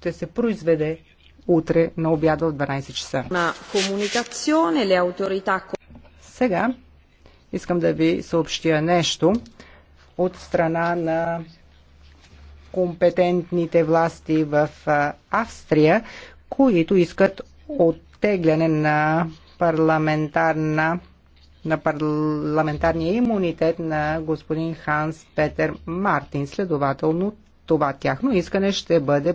ще се произведе утре на обяда от 12 часа. На комуникационе ле авторита... Сега искам да ви съобщя нещо от страна на компетентните власти в Австрия, които искат оттегляне на парламентарна на парламентарния имунитет на господин Ханс Петер Мартин. Следователно, това тяхно искане ще бъде